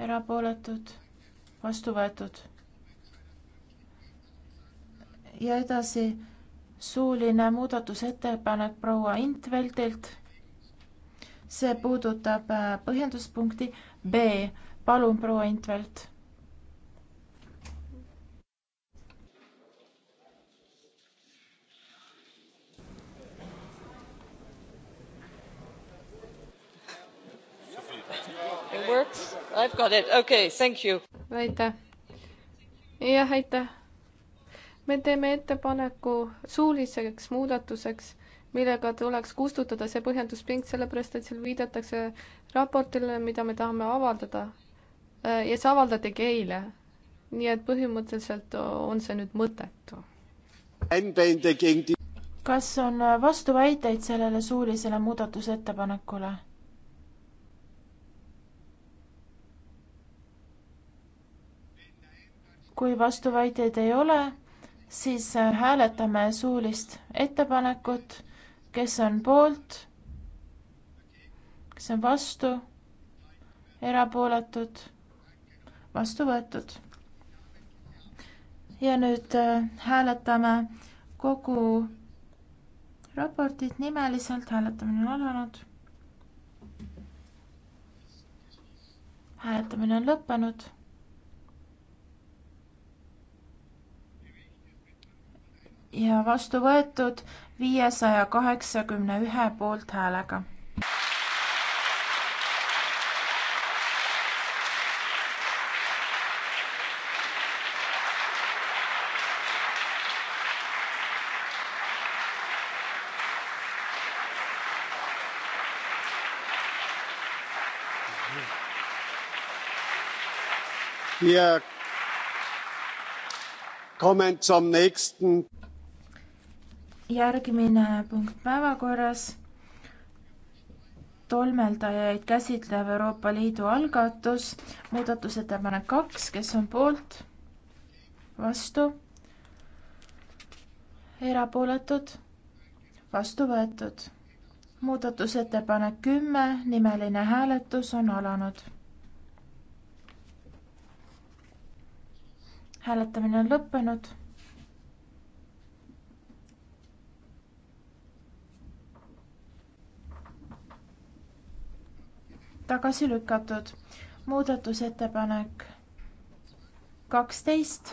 erapooletud, vastu võetud. ja edasi suuline muudatusettepanek proua Intveldilt. see puudutab äh, põhjenduspunkti B. palun, proua Intveld got it, okei okay,, thank you. aitäh. jah, aitäh. me teeme ettepaneku suuliseks muudatuseks, millega tuleks kustutada see põhjenduspink, sellepärast et seal viidatakse raportile, mida me tahame avaldada. ja see avaldatigi eile. nii et põhimõtteliselt on see nüüd mõttetu. kas on vastuväiteid sellele suulisele muudatusettepanekule? kui vastuväiteid ei ole, siis äh, hääletame suulist ettepanekut, kes on poolt, kes on vastu, erapooletud, vastu võetud. ja nüüd äh, hääletame kogu raportit nimeliselt, hääletamine on alanud. hääletamine on lõppenud ja vastu võetud viiesaja kaheksakümne ühe poolthäälega. wir kommen zum nächsten järgmine punkt päevakorras tolmeldajaid käsitlev Euroopa Liidu algatus, muudatusettepanek kaks, kes on poolt, vastu, erapooletud, vastu võetud. muudatusettepanek kümme, nimeline hääletus on alanud. hääletamine on lõppenud tagasi lükatud. muudatusettepanek kaksteist,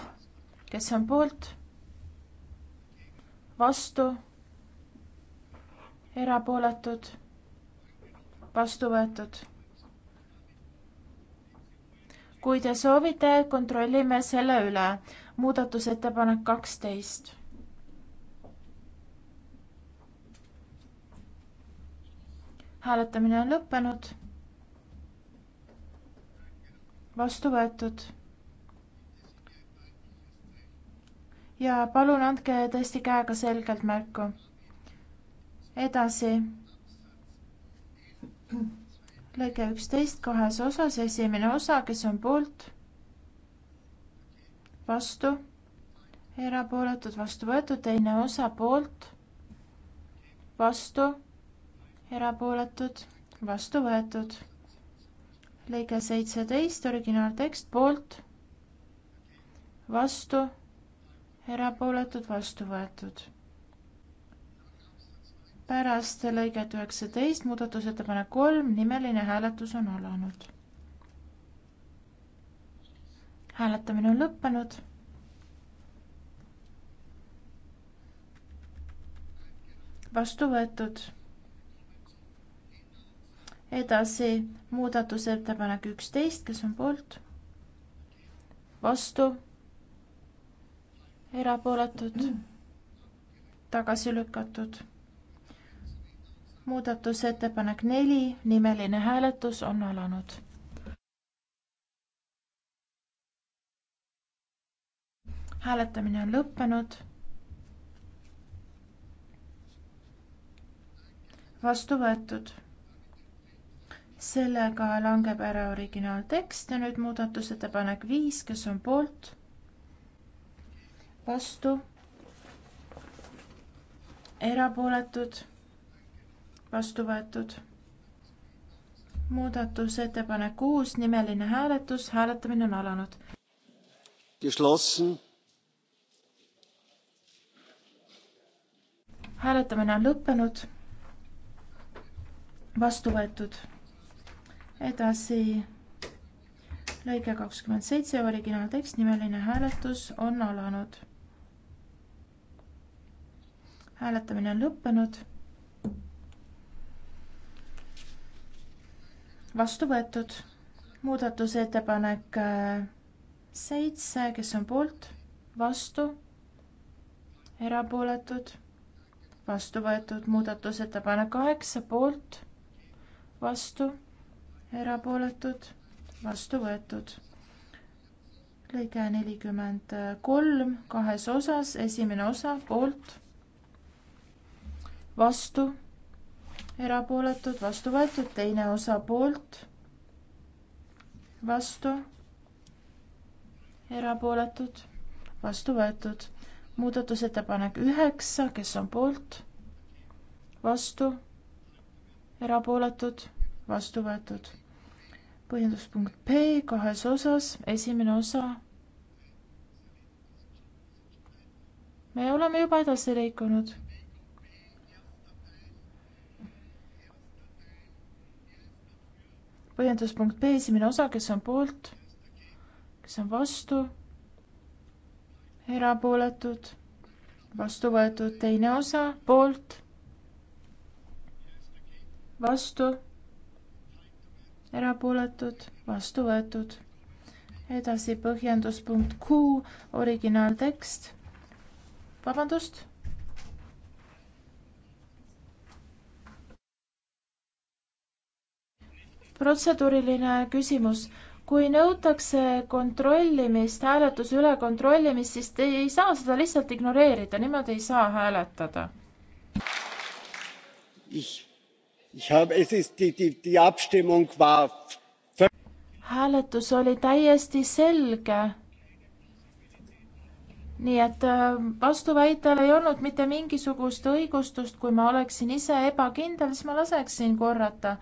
kes on poolt, vastu, erapooletud, vastu võetud. kui te soovite, kontrollime selle üle. muudatusettepanek kaksteist hääletamine on lõppenud vastu võetud. ja palun andke tõesti käega selgelt märku. edasi. lõige üksteist kahes osas, esimene osa, kes on poolt, vastu, erapooletud, vastu võetud, teine osa poolt, vastu, erapooletud, vastu võetud lõige seitseteist, originaaltekst poolt, vastu, erapooletud, vastu võetud. pärast lõiget üheksateist, muudatusettepanek kolm, nimeline hääletus on alanud. hääletamine on lõppenud. vastu võetud edasi muudatusettepanek üksteist kes on poolt vastu erapooletud tagasi lükatud muudatusettepanek neli nimeline hääletus on alanud hääletamine on lõppenud vastu võetud sellega langeb ära originaaltekst ja nüüd muudatusettepanek viis, kes on poolt, vastu, erapooletud, vastu võetud. muudatusettepanek kuus, nimeline hääletus, hääletamine on alanud. hääletamine on lõppenud, vastu võetud edasi lõige kakskümmend seitse originaaltekst nimeline hääletus on alanud hääletamine on lõppenud vastu võetud muudatusettepanek äh, seitse kes on poolt vastu erapooletud vastu võetud muudatusettepanek kaheksa poolt vastu erapooletud, vastu võetud. lõige nelikümmend kolm kahes osas, esimene osa poolt, vastu, erapooletud, vastu võetud, teine osa poolt, vastu, erapooletud, vastu võetud. muudatusettepanek üheksa, kes on poolt, vastu, erapooletud vastu võetud. põhjenduspunkt P kahes osas, esimene osa. me oleme juba edasi liikunud. põhjenduspunkt B esimene osa, kes on poolt, kes on vastu, erapooletud, vastu võetud teine osa, poolt, vastu erapooletud, vastu võetud. edasi põhjendus punkt Q, originaaltekst. vabandust. protseduuriline küsimus. kui nõutakse kontrollimist, hääletuse üle kontrollimist, siis te ei saa seda lihtsalt ignoreerida, niimoodi ei saa hääletada. ich hääletus oli täiesti selge. nii et äh, vastuväitel ei olnud mitte mingisugust õigustust, kui ma oleksin ise ebakindel, siis ma laseksin korrata.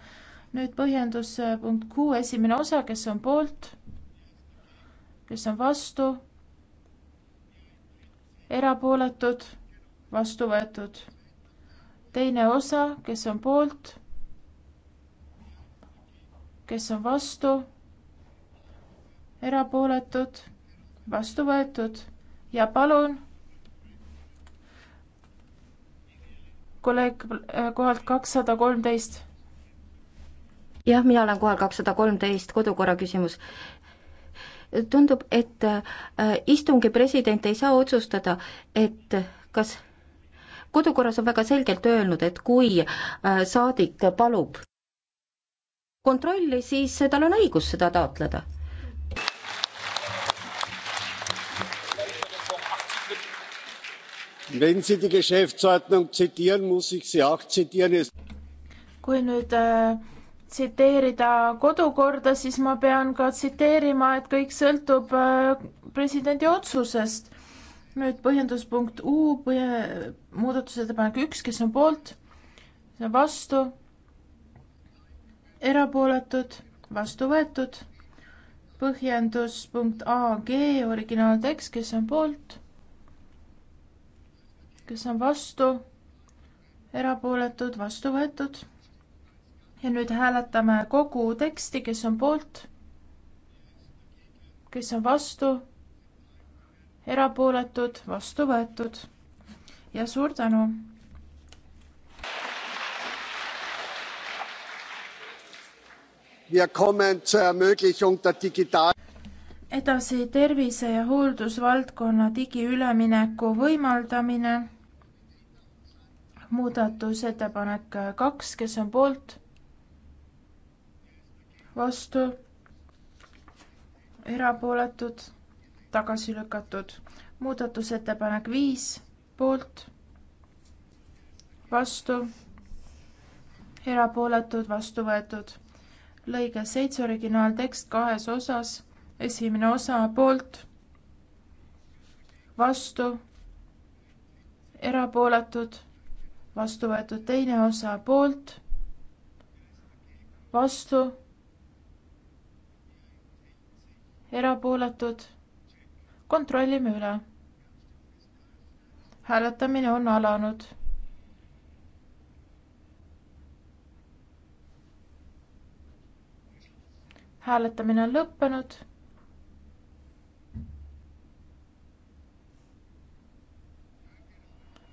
nüüd põhjendus äh, punkt Q esimene osa, kes on poolt, kes on vastu, erapooletud, vastu võetud. teine osa, kes on poolt kes on vastu, erapooletud, vastu võetud ja palun kolleeg äh, kohalt kakssada kolmteist. jah, mina olen kohal kakssada kolmteist, kodukorra küsimus tundub, et äh, istungi president ei saa otsustada, et kas kodukorras on väga selgelt öelnud, et kui äh, saadik palub kontrolli, siis tal on õigus seda taotleda. kui nüüd äh, tsiteerida kodukorda, siis ma pean ka tsiteerima, et kõik sõltub äh, presidendi otsusest. nüüd põhjenduspunkt U, muudatusettepanek üks, kes on poolt, vastu erapooletud, vastu võetud. põhjendus punkt AG, originaaltekst, kes on poolt, kes on vastu, erapooletud, vastu võetud. ja nüüd hääletame kogu teksti, kes on poolt, kes on vastu, erapooletud, vastu võetud. ja suur tänu edasi tervise ja hooldusvaldkonna digiülemineku võimaldamine. muudatusettepanek kaks, kes on poolt? vastu? erapooletud? tagasi lükatud. muudatusettepanek viis, poolt? vastu? erapooletud, vastu võetud lõige seitse originaaltekst kahes osas, esimene osa poolt, vastu, erapooletud, vastu võetud teine osa poolt, vastu, erapooletud, kontrollime üle. hääletamine on alanud hääletamine on lõppenud.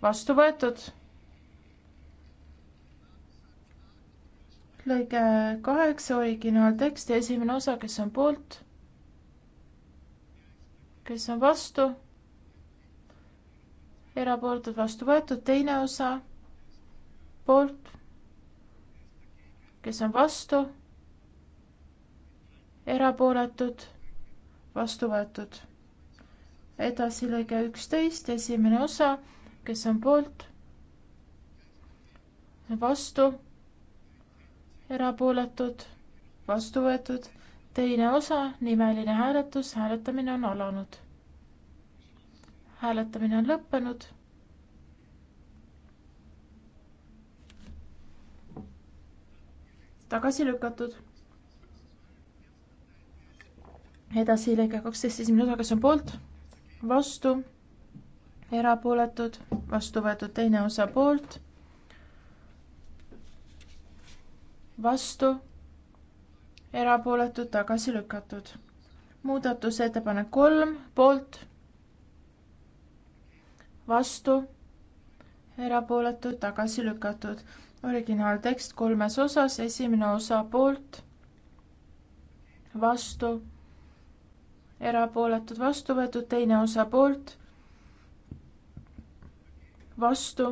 vastu võetud. lõige kaheksa, originaaltekst ja esimene osa, kes on poolt, kes on vastu, erapooletud, vastu võetud, teine osa, poolt, kes on vastu erapooletud, vastu võetud. edasi lõige üksteist, esimene osa, kes on poolt, vastu, erapooletud, vastu võetud, teine osa, nimeline hääletus, hääletamine on alanud. hääletamine on lõppenud tagasi lükatud edasi lõige kaksteist esimene osa, kes on poolt, vastu, erapooletud, vastu võetud teine osa poolt, vastu, erapooletud, tagasi lükatud. muudatusettepanek kolm, poolt, vastu, erapooletud, tagasi lükatud. originaaltekst kolmes osas, esimene osa poolt, vastu erapooletud vastu võetud, teine osa poolt, vastu,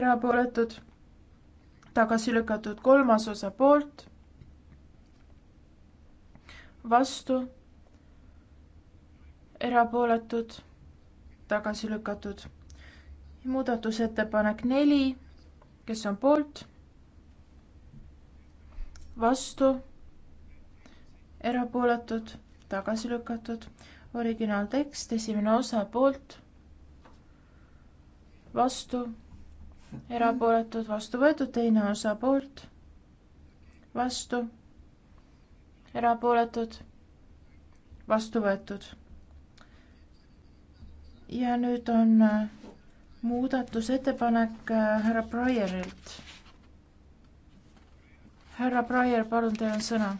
erapooletud, tagasi lükatud, kolmas osa poolt, vastu, erapooletud, tagasi lükatud. muudatusettepanek neli, kes on poolt, vastu, erapooletud tagasi lükatud. originaaltekst, esimene osa poolt, vastu, erapooletud, vastu võetud, teine osa poolt, vastu, erapooletud, vastu võetud. ja nüüd on äh, muudatusettepanek äh, härra Breyerilt. härra Breyer, palun, teil on sõna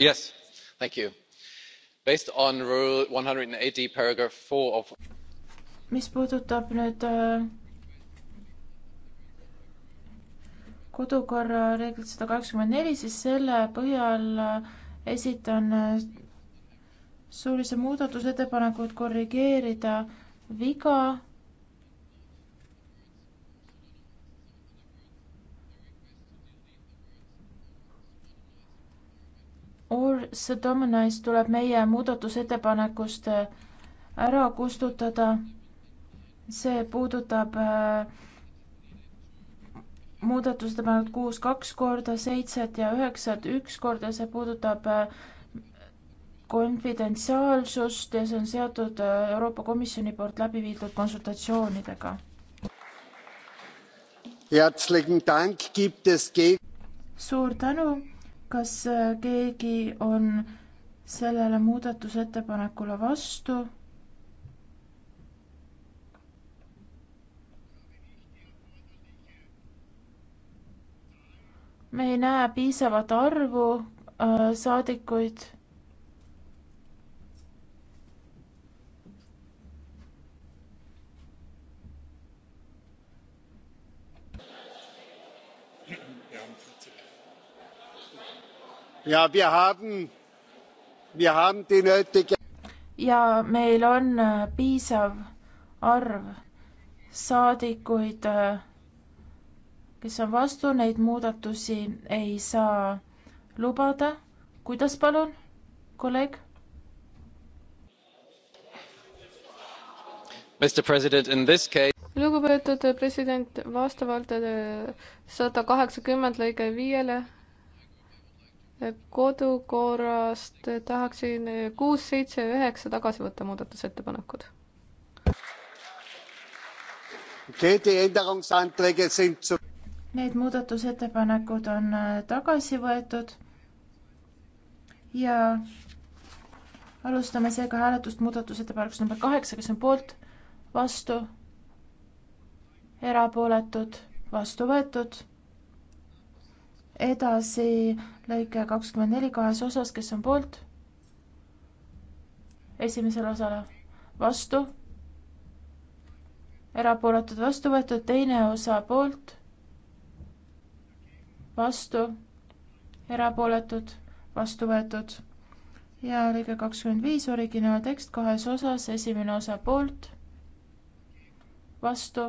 mr president based on rule 180 paragraph 4 of. mis puudutab nüüd äh, kodukorra reeglit sada kaheksakümmend neli siis selle põhjal äh, esitan äh, suulise muudatusettepaneku et korrigeerida viga see dominants tuleb meie muudatusettepanekust äh, ära kustutada. see puudutab äh, muudatusettepanekut kuus kaks korda, seitset ja üheksat üks korda, see puudutab äh, konfidentsiaalsust ja see on seotud Euroopa Komisjoni poolt läbi viidud konsultatsioonidega. suur tänu kas äh, keegi on sellele muudatusettepanekule vastu? me ei näe piisavat arvu äh, saadikuid ja meil on äh, piisav arv saadikuid, äh, kes on vastu, neid muudatusi ei saa lubada. kuidas, palun, kolleeg? Case... lugupeetud president, vastavalt äh, sada kaheksakümmend lõige viiele kodukorrast tahaksin kuus, seitse, üheksa tagasi võtta muudatusettepanekud. Need muudatusettepanekud on äh, tagasi võetud ja alustame seega hääletust muudatusettepanekust number kaheksa, kes on poolt, vastu, erapooletud, vastu võetud edasi lõike kakskümmend neli kahes osas, kes on poolt? esimesele osale vastu, erapooletud vastu võetud, teine osa poolt, vastu, erapooletud, vastu võetud ja lõige kakskümmend viis, originaaltekst kahes osas, esimene osa poolt, vastu,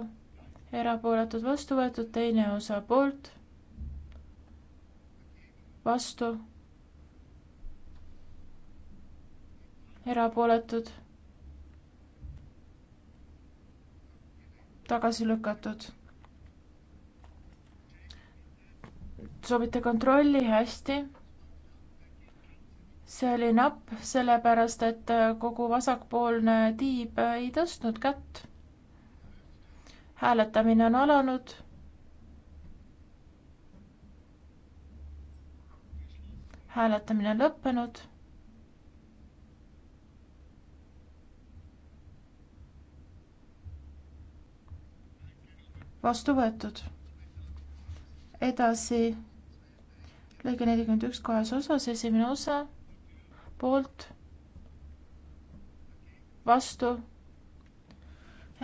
erapooletud, vastu võetud, teine osa poolt vastu, erapooletud, tagasi lükatud. soovite kontrolli, hästi see oli napp, sellepärast et kogu vasakpoolne tiib ei tõstnud kätt. hääletamine on alanud. hääletamine on lõppenud. vastu võetud. edasi lõige nelikümmend üks kahes osas, esimene osa poolt, vastu,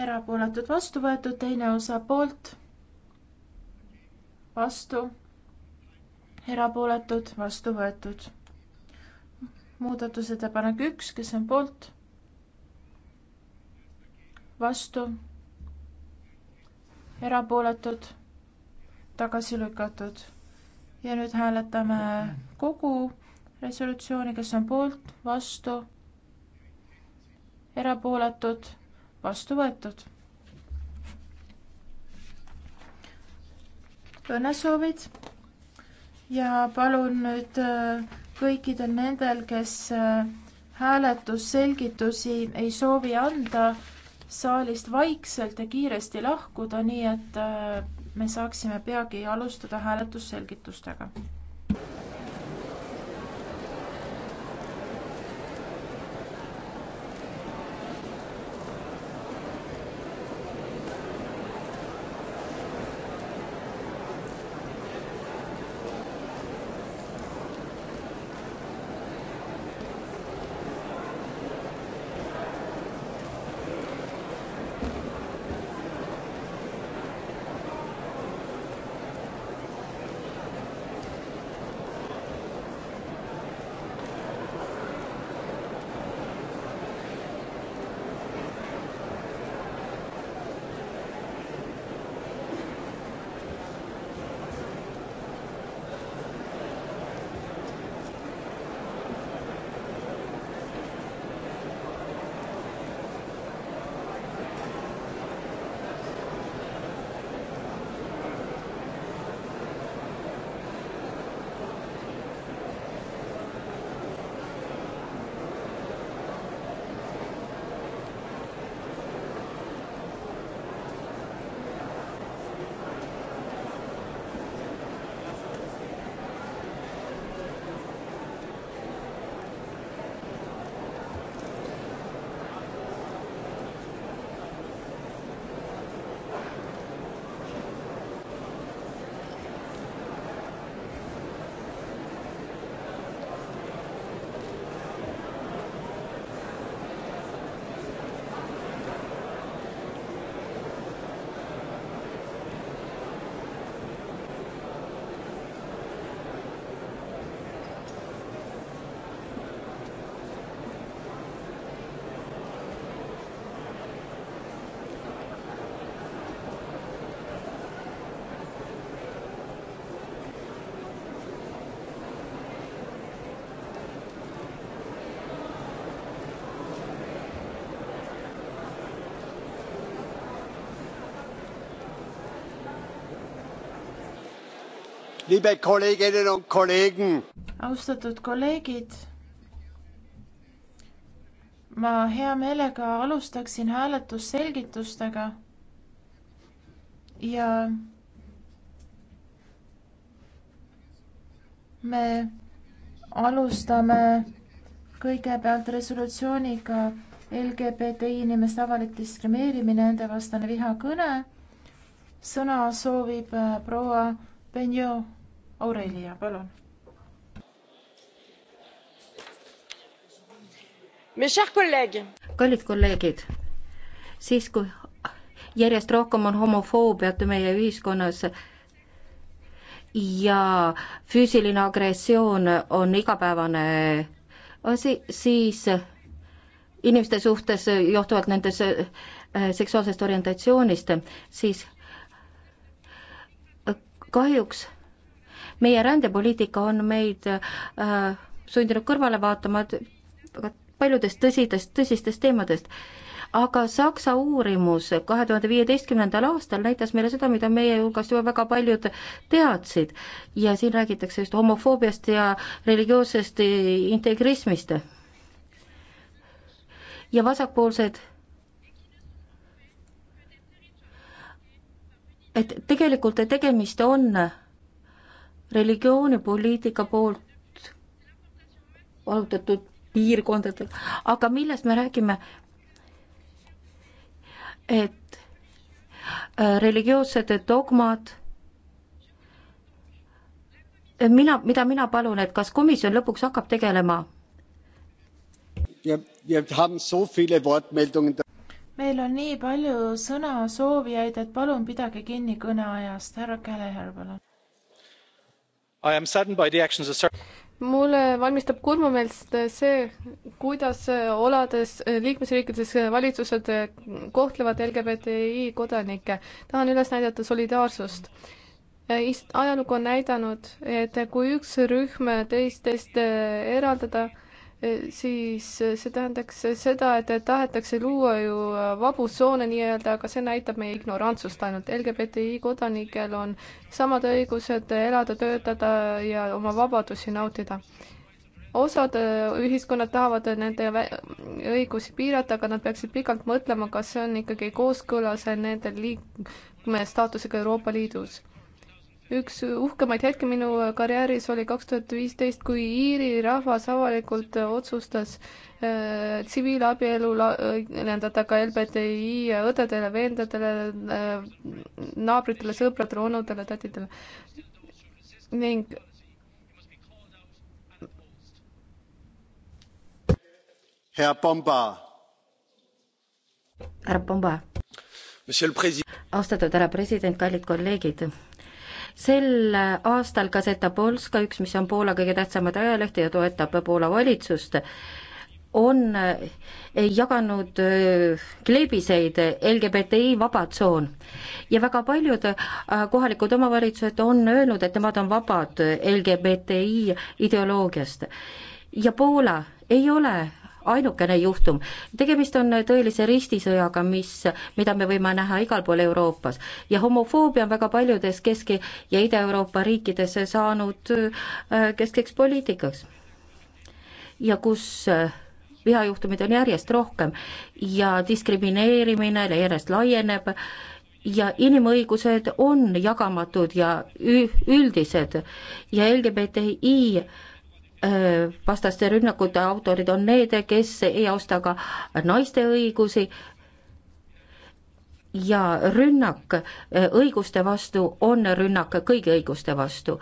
erapooletud, vastu võetud, teine osa poolt, vastu erapooletud, vastu võetud. muudatusettepanek üks, kes on poolt? vastu? erapooletud? tagasi lükatud. ja nüüd hääletame kogu resolutsiooni, kes on poolt, vastu, erapooletud, vastu võetud. õnnesoovid ja palun nüüd äh, kõikidel nendel, kes äh, hääletusselgitusi ei soovi anda, saalist vaikselt ja kiiresti lahkuda, nii et äh, me saaksime peagi alustada hääletusselgitustega. liebe Kolleginnen und Kollegen. austatud kolleegid, ma hea meelega alustaksin hääletusselgitustega ja me alustame kõigepealt resolutsiooniga LGBTI inimeste avalik diskrimineerimine, nendevastane vihakõne. sõna soovib äh, proua Benjo. Aurelia, palun. kallid kolleegid, siis kui järjest rohkem on homofoobiat meie ühiskonnas, ja füüsiline agressioon on igapäevane asi, siis inimeste suhtes johtuvalt nende äh, seksuaalsest orientatsioonist, siis äh, kahjuks meie rändepoliitika on meid äh, sundinud kõrvale vaatama paljudest tõsidest, tõsistest teemadest. aga Saksa uurimus kahe tuhande viieteistkümnendal aastal näitas meile seda, mida meie hulgas juba väga paljud teadsid ja siin räägitakse just homofoobiast ja religioossest integrismist. ja vasakpoolsed et tegelikult tegemist on religioon ja poliitika poolt allutatud piirkondadel, aga millest me räägime? et äh, religioossed dogmad, äh, mina, mida mina palun, et kas komisjon lõpuks hakkab tegelema? meil on nii palju sõnasoovijaid, et palun pidage kinni kõneajast, härra Käleher, palun mulle valmistab kurmameelset see, kuidas olades liikmesriikides valitsused kohtlevad LGBTI kodanikke. tahan üles näidata solidaarsust. ajalugu on näidanud, et kui üks rühm teistest eraldada, siis äh, see tähendaks seda, et tahetakse luua ju äh, vabu tsoone nii-öelda, aga see näitab meie ignorantsust ainult. LGBTI kodanikel on samad õigused elada, töötada ja oma vabadusi nautida. osad äh, ühiskonnad tahavad nende õigusi piirata, aga nad peaksid pikalt mõtlema, kas see on ikkagi kooskõlas nende liikme staatusega Euroopa Liidus üks uhkemaid hetki minu karjääris oli kaks tuhat viisteist, kui Iiri rahvas avalikult otsustas äh, tsiviilabielu laiendada ka LBTI õdedele, vendadele äh,, naabritele, sõpradele, onudele, tädidele ning härra Pomba. härra Pomba. austatud härra president, kallid kolleegid sel aastal Gazeta Polska, üks, mis on Poola kõige tähtsamaid ajalehti ja toetab Poola valitsust, on eh, jaganud eh, kleebiseid LGBTI vaba tsoon ja väga paljud eh, kohalikud omavalitsused on öelnud, et nemad on vabad LGBTI ideoloogiast ja Poola ei ole ainukene juhtum. tegemist on tõelise ristisõjaga, mis, mida me võime näha igal pool Euroopas ja homofoobia on väga paljudes Kesk- ja Ida-Euroopa riikides saanud äh, keskeks poliitikaks. ja kus äh, vihajuhtumeid on järjest rohkem ja diskrimineerimine järjest laieneb ja inimõigused on jagamatud ja üldised ja LGBTI vastaste rünnakute autorid on need, kes ei austa ka naiste õigusi ja rünnak õiguste vastu on rünnak kõigi õiguste vastu.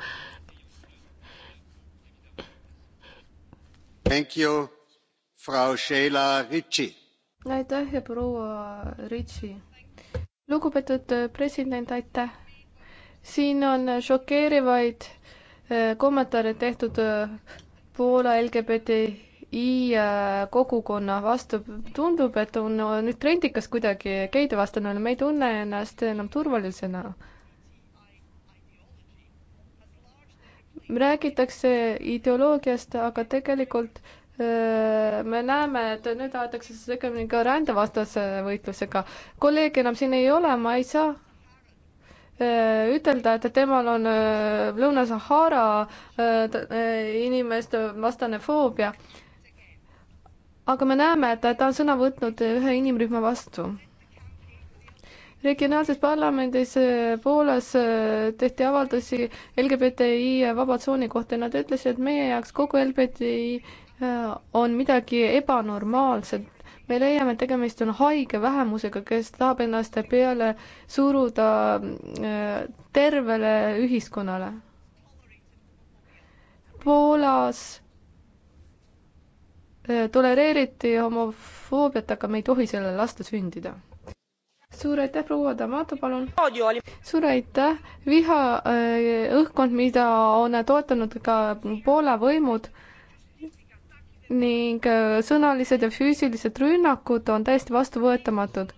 aitäh ja proua Ritsi. lugupeetud president, aitäh. siin on šokeerivaid kommentaare tehtud Poola LGBTI äh, kogukonna vastu tundub, et on nüüd trendikas kuidagi geide vastane olla, me ei tunne ennast enam turvalisena räägitakse ideoloogiast, aga tegelikult öö, äh, me näeme, et nüüd aetakse see segamini ka rändevastase võitlusega. kolleege enam siin ei ole, ma ei saa Äh, ütelda, et temal on äh, Lõuna-Sahara äh, inimeste vastane foobia. aga me näeme, et ta on sõna võtnud ühe inimrühma vastu. regionaalses parlamendis Poolas tehti avaldusi LGBTI vaba tsooni kohta ja nad ütlesid, et meie jaoks kogu LGBTI on midagi ebanormaalset me leiame, et tegemist on haige vähemusega, kes tahab ennast peale suruda äh, tervele ühiskonnale. Poolas äh, tolereeriti homofoobiat, aga me ei tohi sellele lasta sündida suur aitäh, proua Damato, palun. suur aitäh, viha äh, õhkkond, mida on toetanud ka Poola võimud ning äh, sõnalised ja füüsilised rünnakud on täiesti vastuvõetamatud.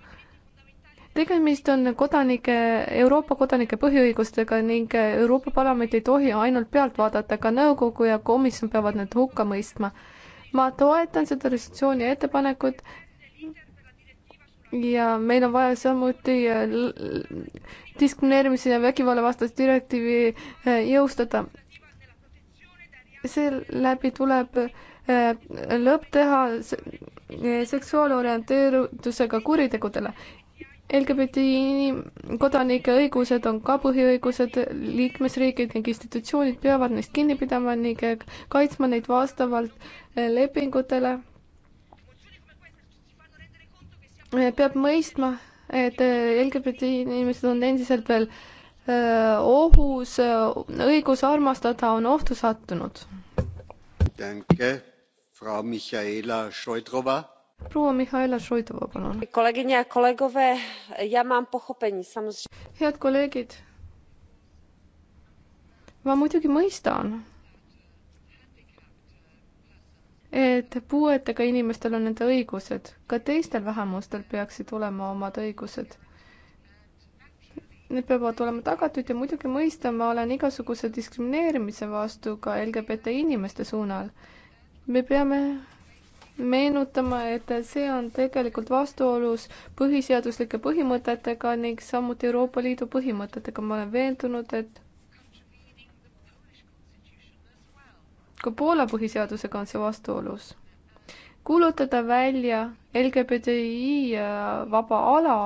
tegemist on kodanike, Euroopa kodanike põhiõigustega ning Euroopa Parlament ei tohi ainult pealt vaadata, ka nõukogu ja komisjon peavad need hukka mõistma. ma toetan seda resolutsiooni ettepanekut ja meil on vaja samuti äh, diskrimineerimise ja vägivalla vastast direktiivi äh, jõustada. seeläbi tuleb äh, Äh, lõpp teha seksuaalorienteeritusega kuritegudele. LGBTI kodanike õigused on ka põhiõigused, liikmesriigid ning institutsioonid peavad neist kinni pidama ning kaitsma neid vastavalt äh, lepingutele. Äh, peab mõistma, et LGBT inimesed on endiselt veel ohus, õigus armastada on ohtu sattunud. aitäh proua Mihhaila Šoidrova, palun. head kolleegid. ma muidugi mõistan, et puuetega inimestel on nende õigused, ka teistel vähemustel peaksid olema omad õigused need peavad olema tagatud ja muidugi mõista ma olen igasuguse diskrimineerimise vastu ka LGBT inimeste suunal me peame meenutama, et see on tegelikult vastuolus põhiseaduslike põhimõtetega ning samuti Euroopa Liidu põhimõtetega. ma olen veendunud, et ka Poola põhiseadusega on see vastuolus. kuulutada välja LGBTI vaba ala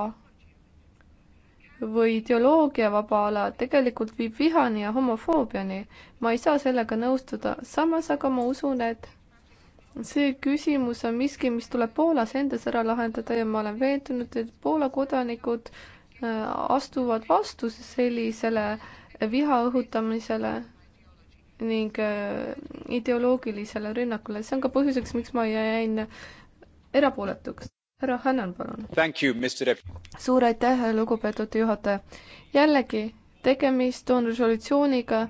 või ideoloogia vaba ala tegelikult viib vihani ja homofoobiani. ma ei saa sellega nõustuda, samas aga ma usun, et see küsimus on miski, mis tuleb Poolas endas ära lahendada ja ma olen veendunud, et Poola kodanikud äh, astuvad vastu sellisele viha õhutamisele ning äh, ideoloogilisele rünnakule. see on ka põhjuseks, miks ma jäin erapooletuks. härra Hannan, palun. suur aitäh, lugupeetud juhataja. jällegi, tegemist on resolutsiooniga,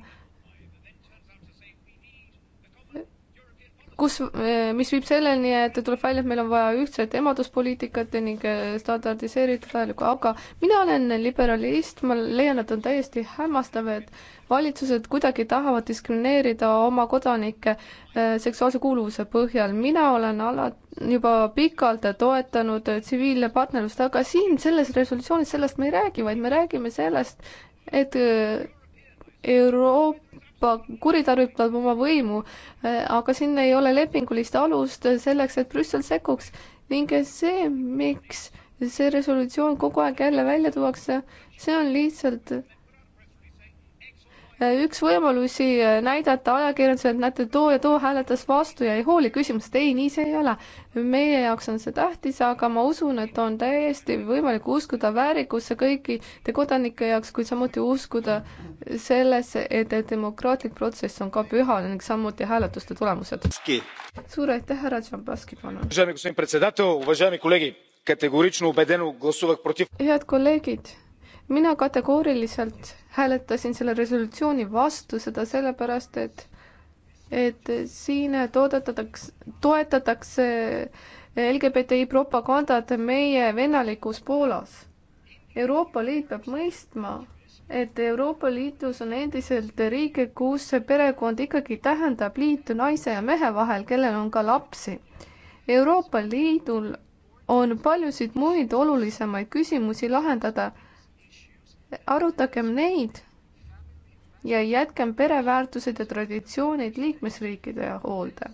kus, eh, mis viib selleni, et tuleb välja, et meil on vaja ühtset emaduspoliitikat ning eh, standardiseeritud vajalikku, aga mina olen liberalist, ma leian, et on täiesti hämmastav, et valitsused kuidagi tahavad diskrimineerida oma kodanikke eh, seksuaalse kuuluvuse põhjal. mina olen ala, juba pikalt toetanud tsiviilpartnerlust, aga siin selles resolutsioonis sellest me ei räägi, vaid me räägime sellest, et Euroopa kuritarvitavad oma võimu, äh, aga siin ei ole lepingulist alust selleks, et Brüssel sekkuks ning see, miks see resolutsioon kogu aeg jälle välja tuuakse, see on lihtsalt üks võimalusi äh, näidata ajakirjandusele, et näete, too ja too hääletas vastu ja ei hooli küsimusest, ei, nii see ei ole. meie jaoks on see tähtis, aga ma usun, et on täiesti võimalik uskuda väärikusse kõikide kodanike jaoks, kuid samuti uskuda sellesse, et demokraatlik protsess on ka püha ning samuti hääletuste tulemused. suur aitäh, härra Tšambaski, palun! head kolleegid! mina kategooriliselt hääletasin selle resolutsiooni vastu, seda sellepärast, et et siin toodetakse, toetatakse LGBTI propagandat meie vennalikus Poolas. Euroopa Liit peab mõistma, et Euroopa Liidus on endiselt riike, kus perekond ikkagi tähendab liitu naise ja mehe vahel, kellel on ka lapsi. Euroopa Liidul on paljusid muid olulisemaid küsimusi lahendada arutagem neid ja jätkem pereväärtused ja traditsioonid liikmesriikide hoolde.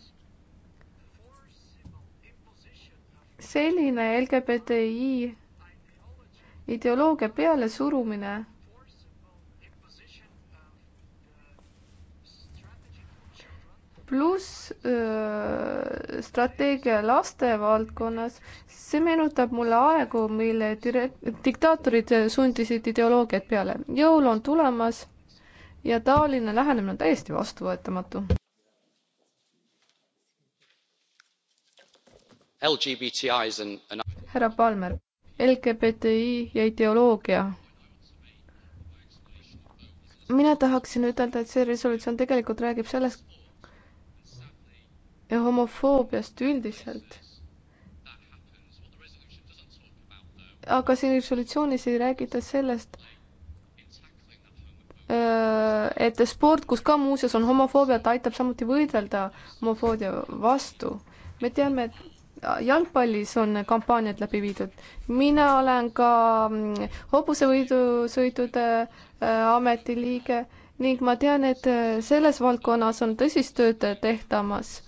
selline LGBTI ideoloogia pealesurumine pluss strateegia laste valdkonnas, see meenutab mulle aegu, mille dire-, diktaatorid sundisid ideoloogiat peale. jõul on tulemas ja taoline lähenemine on täiesti vastuvõetamatu. härra Palmer, LGBTI ja ideoloogia mina tahaksin ütelda, et see resolutsioon tegelikult räägib sellest, ja homofoobiast üldiselt. aga siin resolutsioonis ei räägita sellest, äh, et sport, kus ka muuseas on homofoobiat, aitab samuti võidelda homofoobia vastu. me teame, et jalgpallis on kampaaniad läbi viidud. mina olen ka mm, hobusevõidusõitude äh, ameti liige ning ma tean, et äh, selles valdkonnas on tõsist tööd tehtamas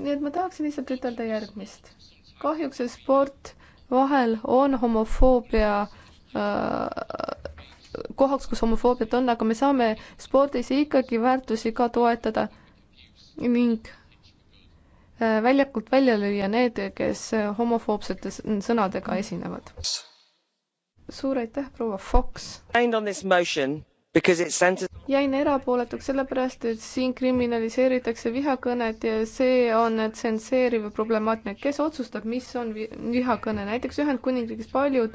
nii et ma tahaksin lihtsalt ütelda järgmist. kahjuks see sport vahel on homofoobia äh, kohaks, kus homofoobiat on, aga me saame spordis ikkagi väärtusi ka toetada ning äh, väljakult välja lüüa need, kes homofoobsete sõnadega esinevad. suur aitäh, proua Fox! jäin erapooletuks sellepärast, et siin kriminaliseeritakse vihakõnet ja see on tsenseeriv ja problemaatiline, kes otsustab, mis on vihakõne, näiteks Ühendkuningriigis paljud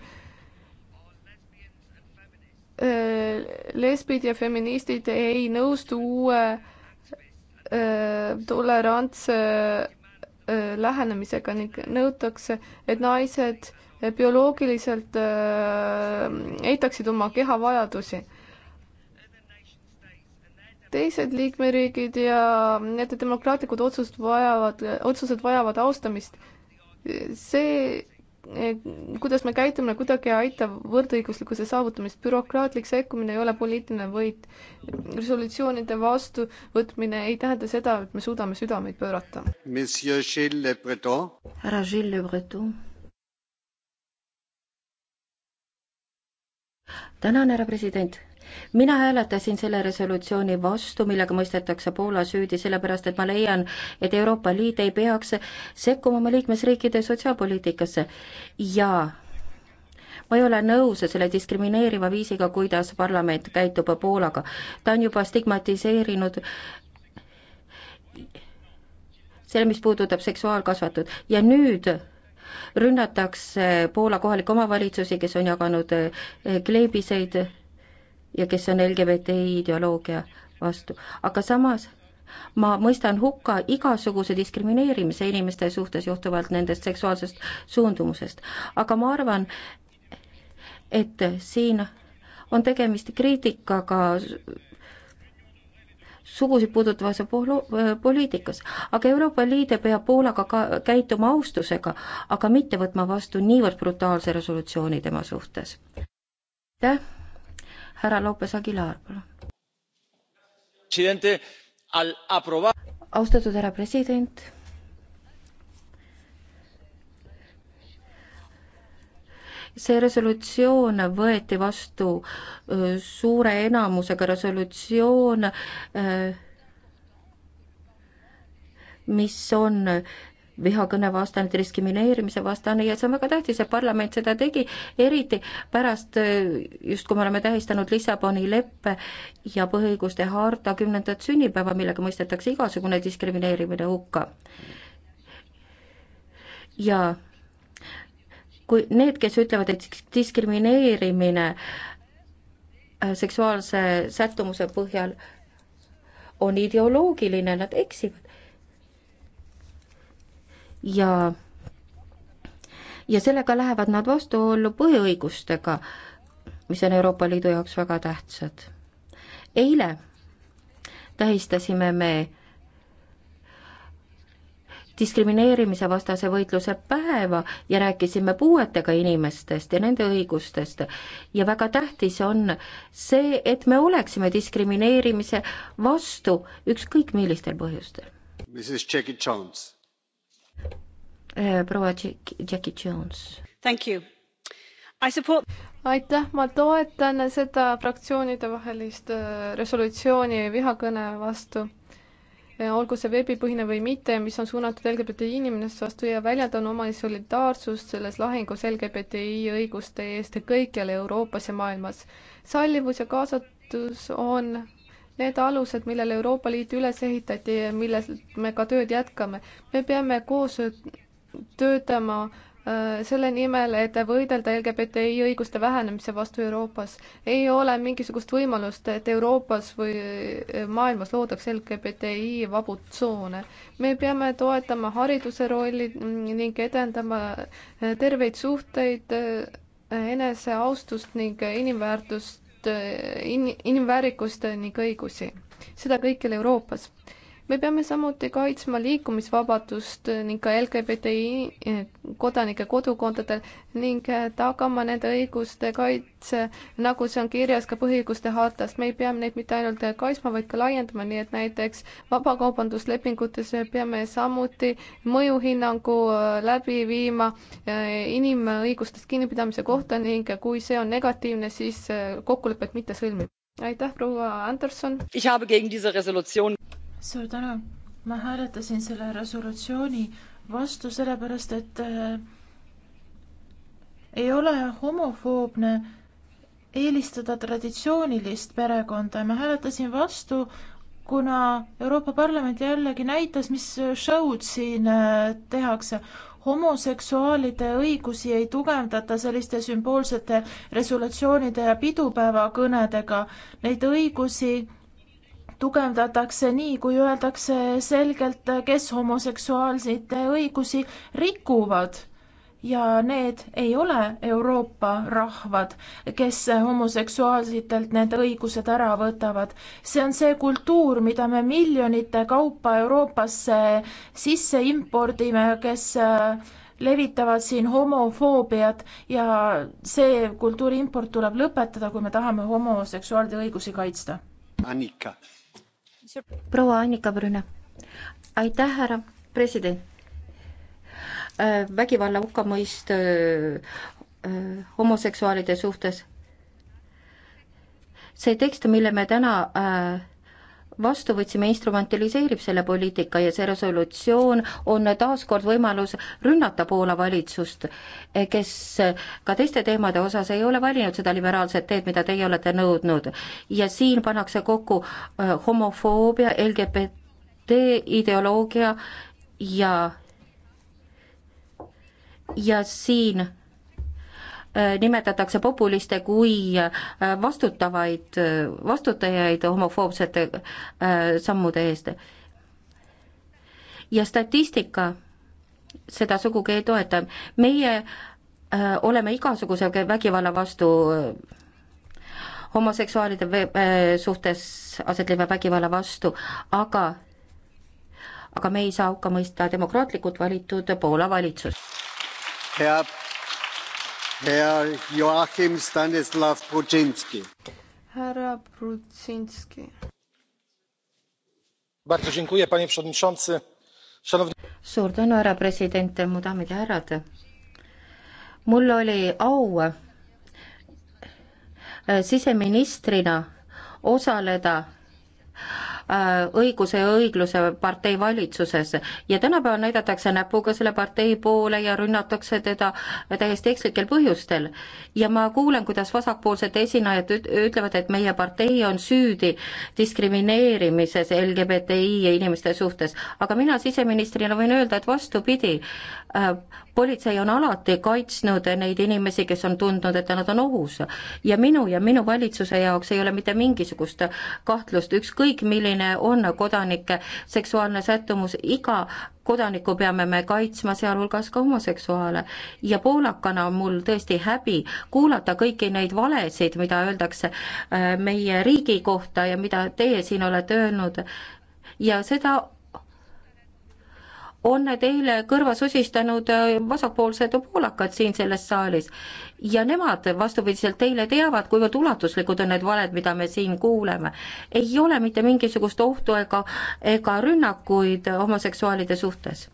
äh, lesbid ja feministid ei nõustu uue äh, tolerantse äh, lähenemisega ning nõutakse, et naised bioloogiliselt eitaksid oma kehavajadusi teised liikmeriigid ja need demokraatlikud otsused vajavad, otsused vajavad austamist. see, kuidas me käitume, kuidagi ei aita võrdõiguslikkuse saavutamist, bürokraatlik sekkumine ei ole poliitiline võit. resolutsioonide vastuvõtmine ei tähenda seda, et me suudame südameid pöörata. härra Gilles Le Breton. tänan, härra president mina hääletasin selle resolutsiooni vastu, millega mõistetakse Poola süüdi, sellepärast et ma leian, et Euroopa Liit ei peaks sekkuma oma liikmesriikide sotsiaalpoliitikasse ja ma ei ole nõus selle diskrimineeriva viisiga, kuidas parlament käitub Poolaga. ta on juba stigmatiseerinud selle, mis puudutab seksuaalkasvatut ja nüüd rünnatakse Poola kohalikke omavalitsusi, kes on jaganud kleebiseid ja kes on LGBTI ideoloogia vastu, aga samas ma mõistan hukka igasuguse diskrimineerimise inimeste suhtes johtuvalt nendest seksuaalsest suundumusest, aga ma arvan, et siin on tegemist kriitikaga sugusid puudutavas polo-, poliitikas. aga Euroopa Liit peab Poolaga ka käituma austusega, aga mitte võtma vastu niivõrd brutaalse resolutsiooni tema suhtes. aitäh! härra Lopez Aguilar, palun. austatud härra president. see resolutsioon võeti vastu suure enamusega resolutsioon, mis on vihakõne vastane, diskrimineerimise vastane ja see on väga tähtis, et parlament seda tegi, eriti pärast äh, just, kui me oleme tähistanud Lissaboni leppe ja põhiõiguste harta kümnendat sünnipäeva, millega mõistetakse igasugune diskrimineerimine hukka. ja kui need, kes ütlevad, et diskrimineerimine äh, seksuaalse sättumuse põhjal on ideoloogiline, nad eksivad ja ja sellega lähevad nad vastuollu põhiõigustega, mis on Euroopa Liidu jaoks väga tähtsad. eile tähistasime me diskrimineerimise vastase võitluse päeva ja rääkisime puuetega inimestest ja nende õigustest. ja väga tähtis on see, et me oleksime diskrimineerimise vastu ükskõik millistel põhjustel. Mrs Jackie Jones Eh, proua Jackie Jones. Support... aitäh, ma toetan seda fraktsioonidevahelist eh, resolutsiooni vihakõne vastu eh, olgu see veebipõhine või mitte, mis on suunatud LGBTI inimeste vastu ja väljendan oma solidaarsust selles lahingus LGBTI õiguste eest kõikjal Euroopas ja maailmas. sallivus ja kaasatus on need alused, millele Euroopa Liit üles ehitati ja millel me ka tööd jätkame. me peame koos töötama äh, selle nimel, et võidelda LGBTI õiguste vähenemise vastu Euroopas. ei ole mingisugust võimalust, et Euroopas või äh, maailmas loodaks LGBTI vabu tsoone. me peame toetama hariduse rolli mm, ning edendama äh, terveid suhteid, eneseaustust ning inimväärtust in,, inimväärikust ning õigusi. seda kõikjal Euroopas me peame samuti kaitsma liikumisvabadust ning ka LGBTI eh, kodanike kodukondadel ning eh, tagama nende õiguste kaitse, nagu see on kirjas ka põhiõiguste hartast. me ei pea neid mitte ainult eh, kaitsma, vaid ka laiendama, nii et näiteks vabakaubanduslepingutes peame samuti mõjuhinnangu läbi viima inimõigustest kinnipidamise kohta ning kui see on negatiivne, siis kokkulepet mitte sõlmida. aitäh, proua Anderson! suur tänu. ma hääletasin selle resolutsiooni vastu sellepärast, et äh, ei ole homofoobne eelistada traditsioonilist perekonda ja ma hääletasin vastu, kuna Euroopa Parlament jällegi näitas, mis show'd siin äh, tehakse. homoseksuaalide õigusi ei tugevdata selliste sümboolsete resolutsioonide ja pidupäevakõnedega. Neid õigusi tugevdatakse nii, kui öeldakse selgelt, kes homoseksuaalsete õigusi rikuvad. ja need ei ole Euroopa rahvad, kes homoseksuaalsetelt need õigused ära võtavad. see on see kultuur, mida me miljonite kaupa Euroopasse sisse impordime, kes äh, levitavad siin homofoobiat ja see kultuuriimport tuleb lõpetada, kui me tahame homoseksuaalide õigusi kaitsta. Annika proua Annika Brüne. aitäh, härra president. Äh, vägivalla hukkamõist äh, äh, homoseksuaalide suhtes. see tekst, mille me täna äh, vastu võtsime, instrumentaliseerib selle poliitika ja see resolutsioon on taaskord võimalus rünnata Poola valitsust, kes ka teiste teemade osas ei ole valinud seda liberaalset teed, mida teie olete nõudnud. ja siin pannakse kokku äh, homofoobia, LGBT ideoloogia ja ja siin Äh, nimetatakse populiste kui äh, vastutavaid, äh, vastutajaid homofoobsete sammude eest. ja statistika seda sugugi ei toeta. meie oleme igasuguse vägivalla vastu homoseksuaalide suhtes aset leiva vägivalla vastu, aga aga me ei saa hukka mõista demokraatlikult valitud Poola valitsust. Joachim Stanislav Brudziński. Herra Brudziński. Bardzo dziękuję, panie przewodniczący. Szanowni... Suur tänu, härra president, mu daamid ja härrad. mul oli au äh, siseministrina osaleda Äh, õiguse ja õigluse partei valitsuses ja tänapäeval näidatakse näpuga selle partei poole ja rünnatakse teda täiesti ekslikel põhjustel. ja ma kuulen, kuidas vasakpoolsed esinejad ütlevad, et meie partei on süüdi diskrimineerimises LGBTI inimeste suhtes, aga mina siseministrina võin öelda, et vastupidi, äh, politsei on alati kaitsnud neid inimesi, kes on tundnud, et nad on ohus. ja minu ja minu valitsuse jaoks ei ole mitte mingisugust kahtlust, ükskõik milline on kodanike seksuaalne sättumus, iga kodanikku peame me kaitsma, sealhulgas ka homoseksuaale. ja poolakana on mul tõesti häbi kuulata kõiki neid valesid, mida öeldakse äh, meie riigi kohta ja mida teie siin olete öelnud ja seda on teile kõrva sosistanud äh, vasakpoolsed poolakad siin selles saalis ja nemad vastupidiselt teile teavad, kuivõrd ulatuslikud on need valed, mida me siin kuuleme. ei ole mitte mingisugust ohtu ega, ega rünnakuid homoseksuaalide suhtes.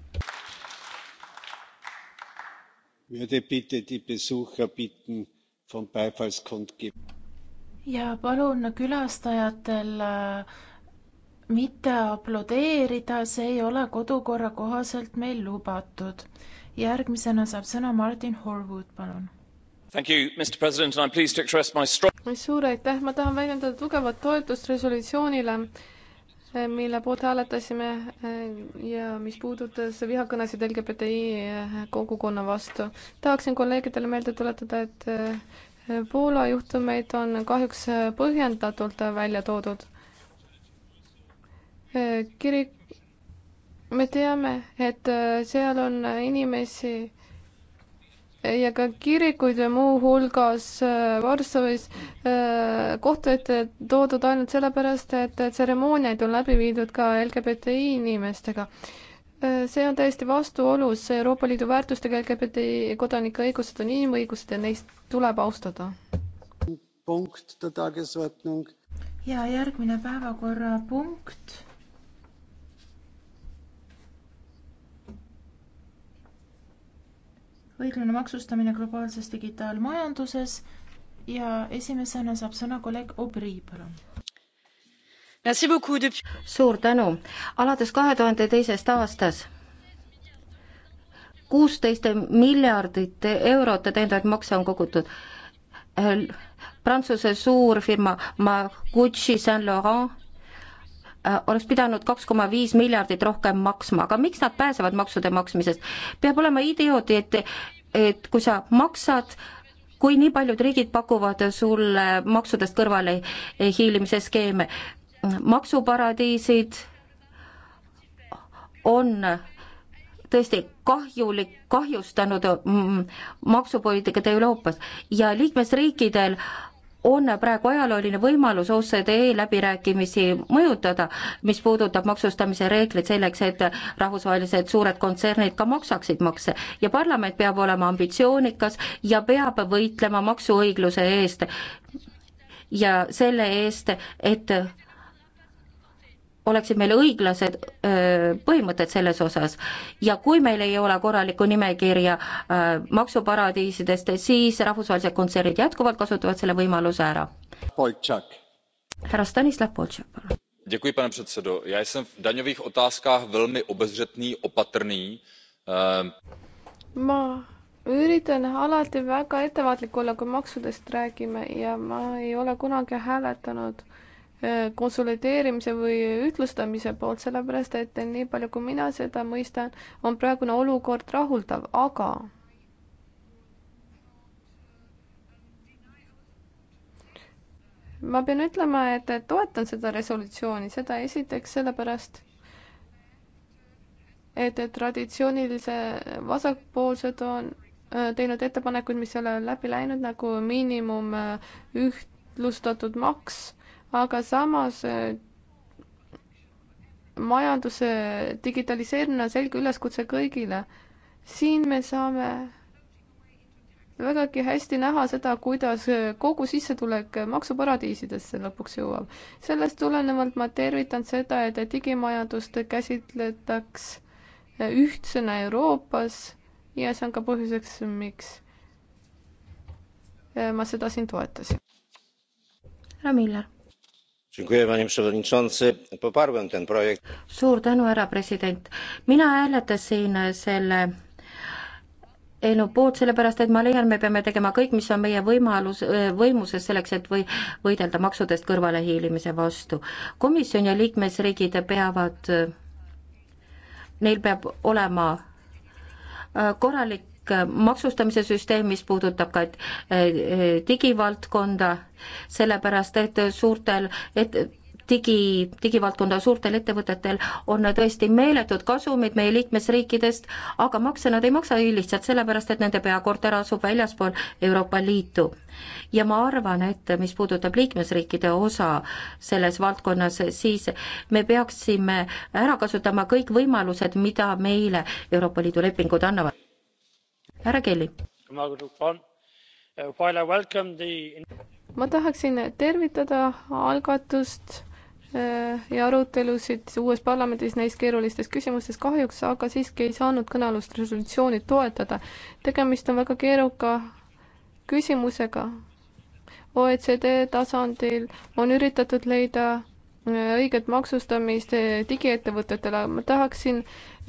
ja palun külastajatel äh, mitte aplodeerida, see ei ole kodukorra kohaselt meil lubatud. järgmisena saab sõna Martin Horwood, palun. You, mr president i am pleased to express my strong. suur aitäh, ma tahan väljendada tugevat toetust resolutsioonile mille poolt hääletasime ja mis puudutas vihakõnesid LGBTI kogukonna vastu. tahaksin kolleegidele meelde tuletada, et Poola juhtumeid on kahjuks põhjendatult välja toodud kirik, me teame, et äh, seal on inimesi ja ka kirikuid ja muuhulgas äh, Varssavis äh, kohtu ette toodud ainult sellepärast, et tseremooniaid on läbi viidud ka LGBTI inimestega see on täiesti vastuolus Euroopa Liidu väärtustega, LGBTI kodanike õigused on inimõigused ja neist tuleb austada. Tota, ja järgmine päevakorrapunkt õiglane maksustamine globaalses digitaalmajanduses ja esimesena saab sõna kolleeg Aubry, palun. suur tänu, alates kahe tuhande teisest aastast kuusteist miljardit eurot täiendavaid makse on kogutud. Äh, Prantsuse suurfirma Gucci Saint Laurent Äh, oleks pidanud kaks koma viis miljardit rohkem maksma, aga miks nad pääsevad maksude maksmisest? peab olema idioodi, et, et kui sa maksad, kui nii paljud riigid pakuvad sulle maksudest kõrvale hiilimise skeeme, maksuparadiisid on tõesti kahjulik, kahjustanud mm, maksupoliitikat Euroopas ja liikmesriikidel äh, on praegu ajalooline võimalus OCDE läbirääkimisi mõjutada, mis puudutab maksustamise reegleid selleks, et rahvusvahelised suured kontsernid ka maksaksid makse ja parlament peab olema ambitsioonikas ja peab võitlema maksuõigluse eest ja selle eest, et oleksid meil õiglased põhimõtted selles osas ja kui meil ei ole korralikku nimekirja maksuparadiisidest, siis rahvusvahelised kontsernid jätkuvalt kasutavad selle võimaluse ära. härra Stanislav Poltšak, palun pane předsedající já jsem v daňových otázkách velmi obezřetný opatrný. Ehm, ma üritan alati väga ettevaatlik olla kui maksudest räägime ja ma ei ole kunagi hääletanud Äh, konsolideerimise või ühtlustamise poolt, sellepärast et nii palju, kui mina seda mõistan, on praegune olukord rahuldav, aga ma pean ütlema, et toetan seda resolutsiooni, seda esiteks sellepärast, et traditsioonilise vasakpoolsed on äh, teinud ettepanekuid, mis ei ole läbi läinud, nagu miinimum äh, ühtlustatud maks aga samas eh, majanduse digitaliseerimine on selge üleskutse kõigile. siin me saame vägagi hästi näha seda, kuidas eh, kogu sissetulek eh, maksuparadiisidesse lõpuks jõuab. sellest tulenevalt ma tervitan seda, et digimajandust käsitletaks ühtsena Euroopas ja see on ka põhjuseks, miks ma seda siin toetasin. härra Miller suur tänu, härra president. mina hääletasin selle eelnõu poolt, sellepärast et ma leian, me peame tegema kõik, mis on meie võimalus, võimuses selleks, et või, võidelda maksudest kõrvalehiilimise vastu. komisjon ja liikmesriigid peavad, neil peab olema korralik Äh, maksustamise süsteem, mis puudutab ka äh, äh, digivaldkonda, sellepärast et suurtel et digi, digivaldkonda suurtel ettevõtetel on tõesti meeletud kasumid meie liikmesriikidest, aga makse nad ei maksa lihtsalt sellepärast, et nende peakorter asub väljaspool Euroopa Liitu. ja ma arvan, et mis puudutab liikmesriikide osa selles valdkonnas, siis me peaksime ära kasutama kõik võimalused, mida meile Euroopa Liidu lepingud annavad härra Kelly. ma tahaksin tervitada algatust äh, ja arutelusid uues parlamendis neis keerulistes küsimustes kahjuks, aga siiski ei saanud kõnealust resolutsiooni toetada. tegemist on väga keeruka küsimusega. OECD tasandil on üritatud leida õiget maksustamist digiettevõtetele. ma tahaksin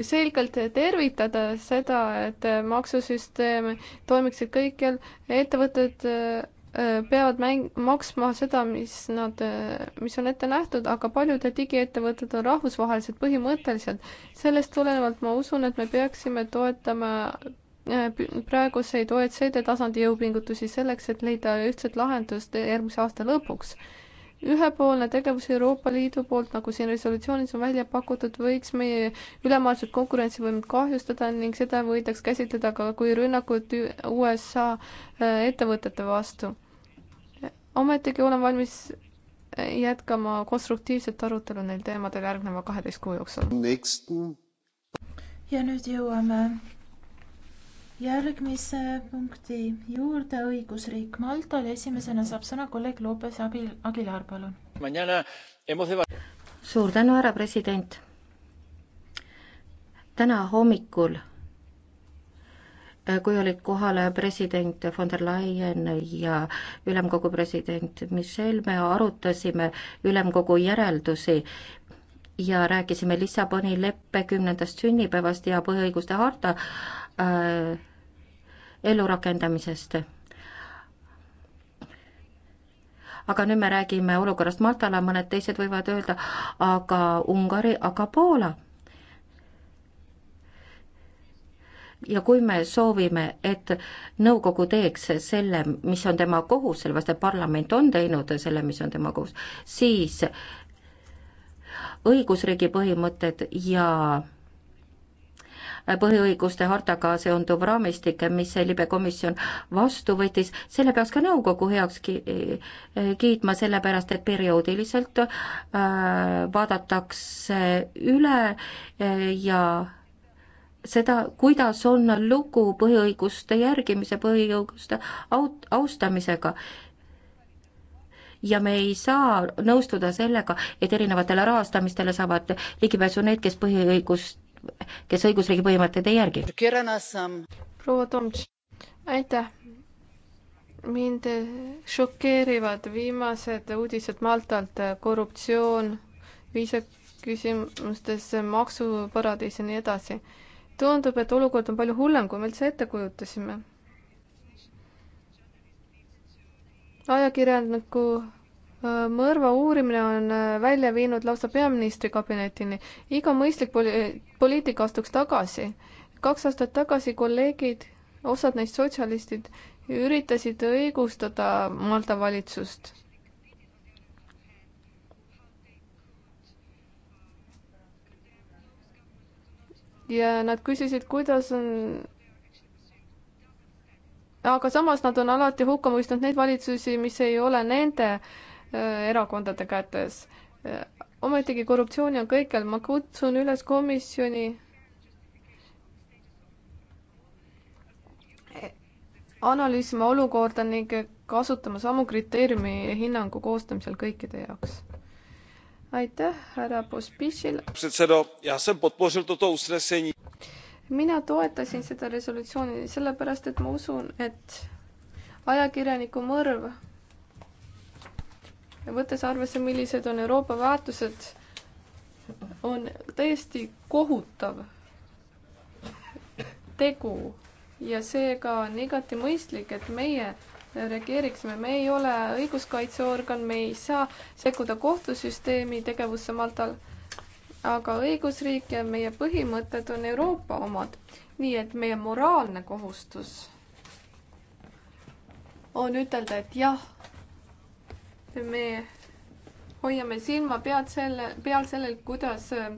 selgelt tervitada seda, et maksusüsteem toimiksid kõikjal, ettevõtted äh, peavad mäng-, maksma seda, mis nad, äh, mis on ette nähtud, aga paljud digiettevõtted on rahvusvahelised põhimõtteliselt. sellest tulenevalt ma usun, et me peaksime toetama äh, praeguseid OECD tasandi jõupingutusi selleks, et leida ühtset lahendust järgmise aasta lõpuks ühepoolne tegevus Euroopa Liidu poolt, nagu siin resolutsioonis on välja pakutud, võiks meie ülemaailmset konkurentsivõimet kahjustada ning seda võidaks käsitleda ka kui rünnakut USA äh, ettevõtete vastu. ometigi olen valmis äh, jätkama konstruktiivset arutelu neil teemadel järgneva kaheteist kuu jooksul. ja nüüd jõuame järgmise punkti juurde õigusriik Maltal ja esimesena saab sõna kolleeg Lopez Abil-, Aguilar, palun. suur tänu, härra president. täna hommikul kui olid kohal president von der Leyen ja ülemkogu president Michel, me arutasime ülemkogu järeldusi ja rääkisime Lissaboni leppe kümnendast sünnipäevast ja põhiõiguste harta äh, ellurakendamisest. aga nüüd me räägime olukorrast Maltal, mõned teised võivad öelda, aga Ungari, aga Poola ja kui me soovime, et nõukogu teeks selle, mis on tema kohus, sellepärast et parlament on teinud selle, mis on tema kohus, siis õigusriigi põhimõtted ja põhiõiguste hartaga seonduv raamistik, mis libe komisjon vastu võttis, selle peaks ka nõukogu heaks ki-, kiitma, sellepärast et perioodiliselt äh, vaadatakse üle äh, ja seda, kuidas on lugu põhiõiguste järgimise, põhiõiguste aut-, austamisega ja me ei saa nõustuda sellega, et erinevatele rahastamistele saavad ligipääsu need, kes põhiõigust kes õigusriigi põhimõtteid ei järgi. proua Tomtš, aitäh. mind šokeerivad viimased uudised Maltalt, korruptsioon, viisaküsimustes, maksuparadiis ja nii edasi. tundub, et olukord on palju hullem, kui me üldse ette kujutasime. ajakirjaniku mõrva uurimine on äh, välja viinud lausa peaministri kabinetini. iga mõistlik poli-, poliitik astuks tagasi. kaks aastat tagasi kolleegid, osad neist sotsialistid, üritasid õigustada Malta valitsust. ja nad küsisid, kuidas on aga samas nad on alati hukka mõistnud neid valitsusi, mis ei ole nende äh, Äh, erakondade kätes. Äh, ometigi korruptsiooni on kõikjal, ma kutsun üles komisjoni äh, analüüsima olukorda ning kasutama samu kriteeriumi hinnangu koostamisel kõikide jaoks. aitäh, härra Pospišil. mina toetasin seda resolutsiooni sellepärast, et ma usun, et ajakirjaniku mõrv võttes arvesse, millised on Euroopa väärtused, on täiesti kohutav tegu ja seega on igati mõistlik, et meie reageeriksime, me ei ole õiguskaitseorgan, me ei saa sekkuda kohtusüsteemi tegevusse Maltal, aga õigusriik ja meie põhimõtted on Euroopa omad, nii et meie moraalne kohustus on ütelda, et jah me hoiame silma pead selle, peal sellel, kuidas äh,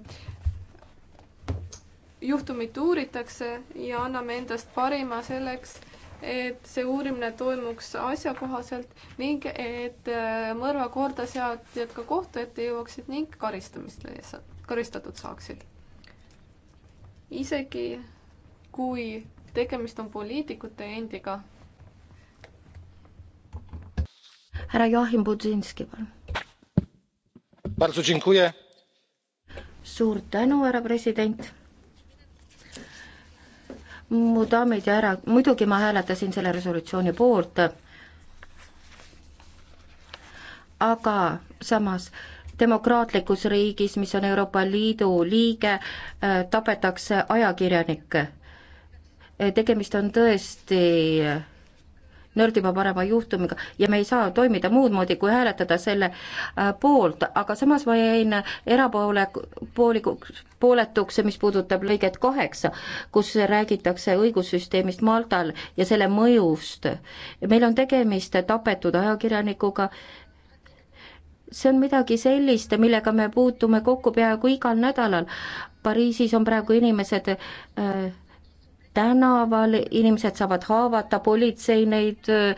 juhtumit uuritakse ja anname endast parima selleks, et see uurimine toimuks asjakohaselt ning et äh, mõrva kordaseadjad ka kohtu ette jõuaksid ning karistamist, karistatud saaksid. isegi kui tegemist on poliitikute endiga härra Joachim Budzinski, palun. suur tänu, härra president mu daamid ja härrad, muidugi ma hääletasin selle resolutsiooni poolt, aga samas demokraatlikus riigis, mis on Euroopa Liidu liige, äh, tapetakse ajakirjanikke. tegemist on tõesti nördima paneva juhtumiga ja me ei saa toimida muud moodi, kui hääletada selle äh, poolt, aga samas ma jäin erapoole, poolikuks, pooletuks, mis puudutab lõiget kaheksa, kus räägitakse õigussüsteemist Maltal ja selle mõjust. meil on tegemist tapetud ajakirjanikuga, see on midagi sellist, millega me puutume kokku peaaegu igal nädalal. Pariisis on praegu inimesed äh, tänaval, inimesed saavad haavata, politsei neid äh,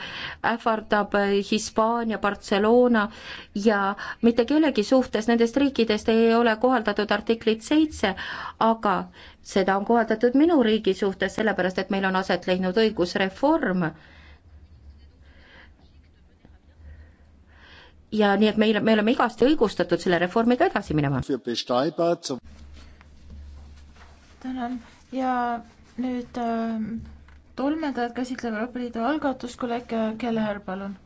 ähvardab, äh, Hispaania, Barcelona ja mitte kellegi suhtes nendest riikidest ei ole kohaldatud artiklit seitse, aga seda on kohaldatud minu riigi suhtes, sellepärast et meil on aset leidnud õigusreform ja nii, et meil, me oleme igasti õigustatud selle reformiga edasi minema. tänan ja nüüd äh, tolmeldajad käsitlevad Euroopa Liidu algatust, kolleeg Keller, palun.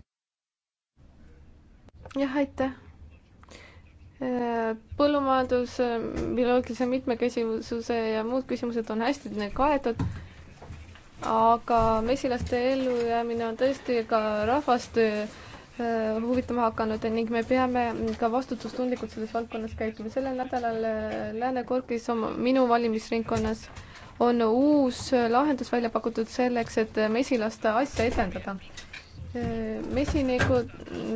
jah, aitäh. Äh, põllumajandus, äh, bioloogilise mitmekesisuse ja muud küsimused on hästi kaetud, aga mesilaste ellujäämine on tõesti ka rahvast äh, huvitama hakanud ning me peame ka vastutustundlikult selles valdkonnas käituma. sellel nädalal Lääne-Korgis, minu valimisringkonnas on uus lahendus välja pakutud selleks, et mesilaste asja edendada. mesinikud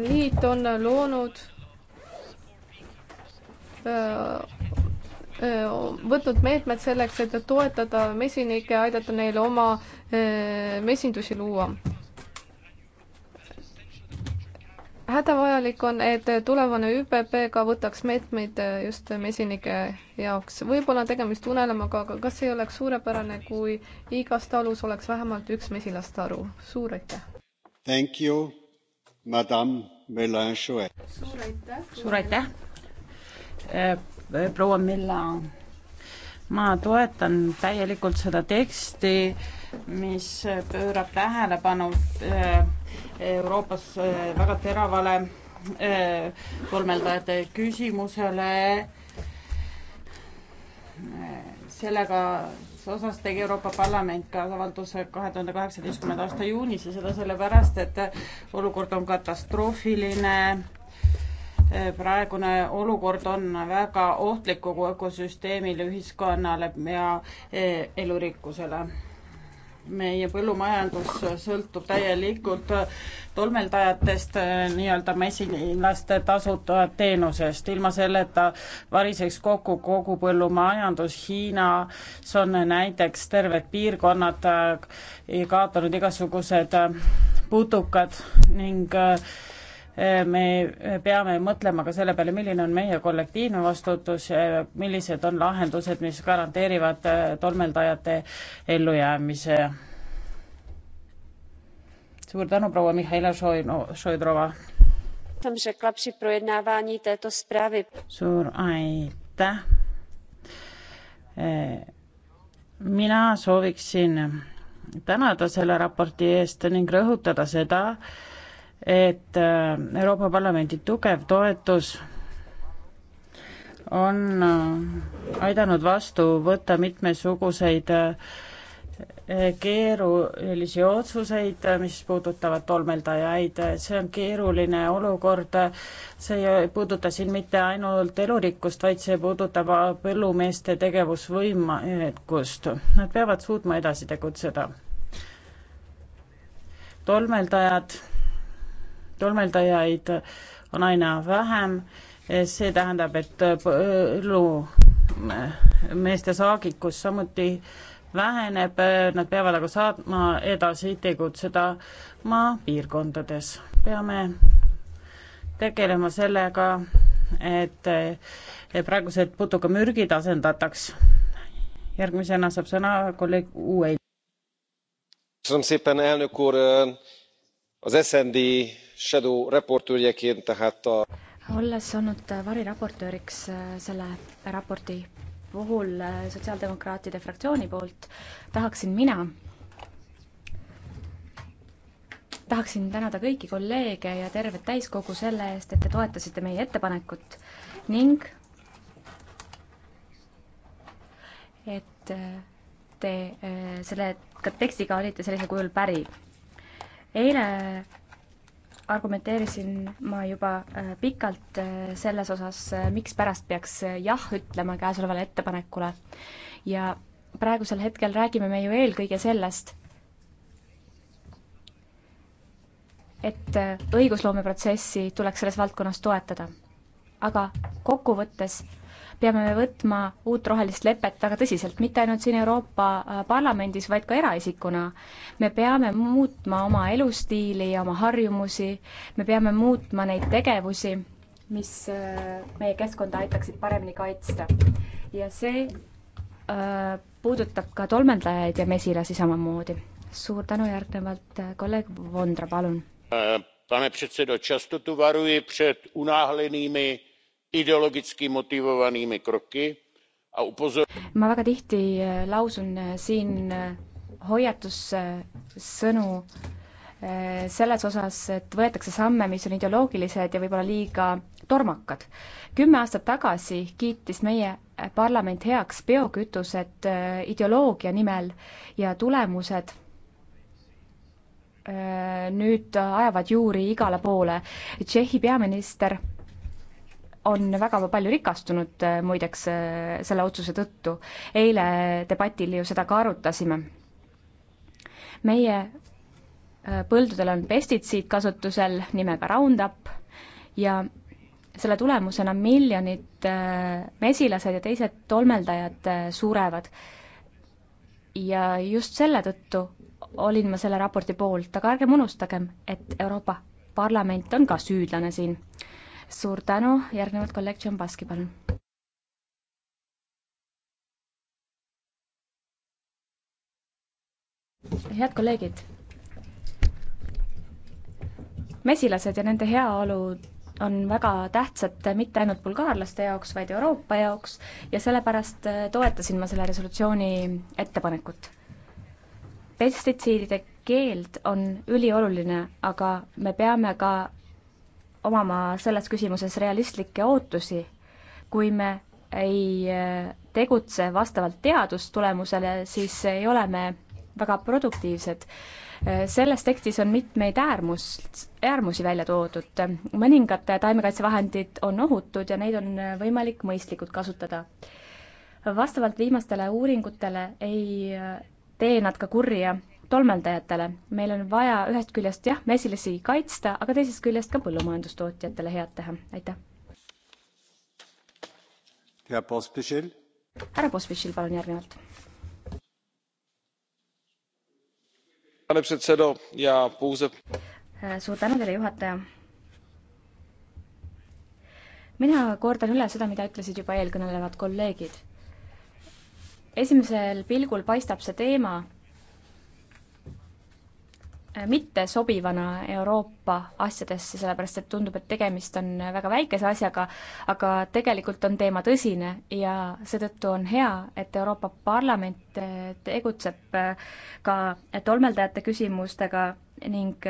liit on loonud, äh, äh, võtnud meetmed selleks, et toetada mesinikke ja aidata neil oma äh, mesindusi luua hädavajalik on, et tulevane ÜPP ka võtaks meetmeid äh, just mesinike jaoks. võib-olla on tegemist unelemaga, aga kas ei oleks suurepärane, kui igas talus oleks vähemalt üks mesilastaru? suur aitäh! suur aitäh! Äh, proua Millan, ma toetan täielikult seda teksti mis pöörab tähelepanu äh, Euroopas äh, väga teravale tolmeldajate äh, küsimusele. sellega osas tegi Euroopa Parlament ka avalduse kahe tuhande kaheksateistkümnenda aasta juunis ja seda sellepärast, et olukord on katastroofiline. praegune olukord on väga ohtlik kogu ökosüsteemile, ühiskonnale ja elurikkusele meie põllumajandus sõltub täielikult tolmeldajatest, eh, nii-öelda mesilaste tasutavat eh, teenusest, ilma selleta variseks kokku kogu põllumajandus, Hiinas on näiteks terved piirkonnad eh, kaotanud igasugused putukad ning äh, Äh, me peame mõtlema ka selle peale, milline on meie kollektiivne vastutus, äh, millised on lahendused, mis garanteerivad äh, tolmeldajate ellujäämise. suur tänu, proua Mihhaila Šoidrova. suur aitäh. mina sooviksin tänada selle raporti eest ning rõhutada seda, et äh, Euroopa Parlamendi tugev toetus on äh, aidanud vastu võtta mitmesuguseid äh, keerulisi otsuseid, mis puudutavad tolmeldajaid, see on keeruline olukord, see ei puuduta siin mitte ainult elurikkust, vaid see puudutab põllumeeste tegevusvõimekust. Nad peavad suutma edasi tegutseda. tolmeldajad tolmeldajaid on aina vähem, see tähendab, et äh, põllumeeste äh, äh, saagikus samuti väheneb, nad peavad aga saatma edasi tegutseda maapiirkondades. peame tegelema sellega, et praegused putukamürgid asendataks. järgmisena saab sõna kolleeg Uue az sd shadow raportöörjeként tehát a olles olnud variraportööriks äh, selle raporti puhul äh, sotsiaaldemokraatide fraktsiooni poolt tahaksin mina tahaksin tänada kõiki kolleege ja tervet täiskogu selle eest, et te toetasite meie ettepanekut ning et äh, te selle ka tekstiga olite sellisel kujul päri eile argumenteerisin ma juba äh, pikalt äh, selles osas, äh, mikspärast peaks jah ütlema käesolevale ettepanekule. ja praegusel hetkel räägime me ju eelkõige sellest, et õigusloomeprotsessi tuleks selles valdkonnas toetada. aga kokkuvõttes peame me võtma uut rohelist lepet väga tõsiselt, mitte ainult siin Euroopa äh, Parlamendis, vaid ka eraisikuna. me peame muutma oma elustiili ja oma harjumusi, me peame muutma neid tegevusi, mis äh, meie keskkonda aitaksid paremini kaitsta. ja see äh, puudutab ka tolmeldajaid ja mesilasi samamoodi. suur tänu järgnevalt, äh, kolleeg Vondra, palun. Pane předsedo, často tu varuji před unáhlenými ideologicky motivovanými kroky a upozorňuji. ma väga tihti eh, lausun eh, siin eh, hoiatussõnu selles osas, et võetakse samme, mis on ideoloogilised ja võib-olla liiga tormakad. kümme aastat tagasi kiitis meie parlament heaks biokütused ideoloogia nimel ja tulemused nüüd ajavad juuri igale poole. Tšehhi peaminister on väga palju rikastunud äh, muideks äh, selle otsuse tõttu. eile debatil ju seda ka arutasime. meie äh, põldudel on pestitsiid kasutusel nimega Roundup ja selle tulemusena miljonid mesilased ja teised tolmeldajad surevad. ja just selle tõttu olin ma selle raporti poolt, aga ärgem unustagem, et Euroopa Parlament on ka süüdlane siin suur tänu, järgnevalt kolleeg Tšambaski, palun. head kolleegid. mesilased ja nende heaolu on väga tähtsad mitte ainult bulgaarlaste jaoks, vaid Euroopa jaoks ja sellepärast äh, toetasin ma selle resolutsiooni ettepanekut. pestitsiidide keeld on ülioluline, aga me peame ka omama selles küsimuses realistlikke ootusi. kui me ei äh, tegutse vastavalt teadustulemusele, siis ei ole me väga produktiivsed. Äh, selles tekstis on mitmeid äärmust, äärmusi välja toodud. mõningad taimekaitsevahendid on ohutud ja neid on äh, võimalik mõistlikult kasutada. vastavalt viimastele uuringutele ei tee nad ka kurja tolmeldajatele. meil on vaja ühest küljest jah, mesilasi kaitsta, aga teisest küljest ka põllumajandustootjatele head teha, aitäh. härra Pospišil, palun järgnevalt. Äh, suur tänu teile, juhataja mina kordan üle seda, mida ütlesid juba eelkõnelevad kolleegid. esimesel pilgul paistab see teema Äh, mittesobivana Euroopa asjadesse, sellepärast et tundub, et tegemist on väga väikese asjaga, aga tegelikult on teema tõsine ja seetõttu on hea, et Euroopa Parlament äh, tegutseb äh, ka tolmeldajate küsimustega ning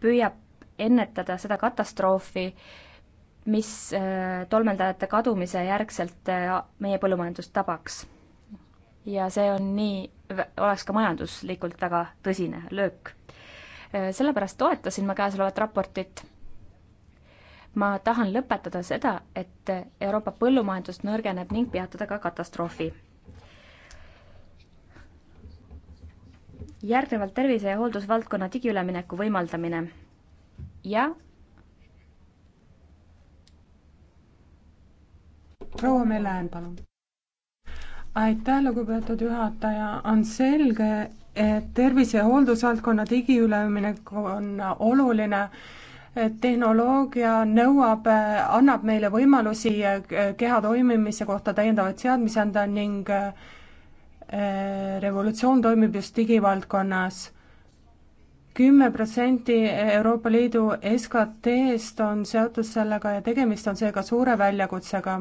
püüab ennetada seda katastroofi, mis tolmeldajate kadumise järgselt meie põllumajandust tabaks. ja see on nii oleks ka majanduslikult väga tõsine löök. Äh, sellepärast toetasin ma käesolevat raportit. ma tahan lõpetada seda, et Euroopa põllumajandus nõrgeneb ning peatada ka katastroofi. järgnevalt tervise- ja hooldusvaldkonna digiülemineku võimaldamine ja proua Melle Hääl, palun aitäh, lugupeetud juhataja, on selge, et tervise- ja hooldusvaldkonna digiüleminek on oluline tehnoloogia nõuab, annab meile võimalusi eh, keha toimimise kohta täiendavaid seadmisi anda ning eh, revolutsioon toimib just digivaldkonnas. kümme protsenti Euroopa Liidu SKT-st on seotud sellega ja tegemist on seega suure väljakutsega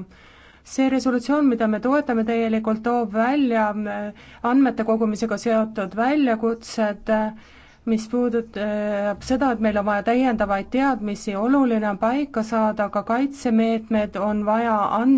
see resolutsioon, mida me toetame täielikult, toob välja äh, andmete kogumisega seotud väljakutsed, äh, mis puudutab seda, et meil on vaja täiendavaid teadmisi, oluline on paika saada ka kaitsemeetmed, on vaja andme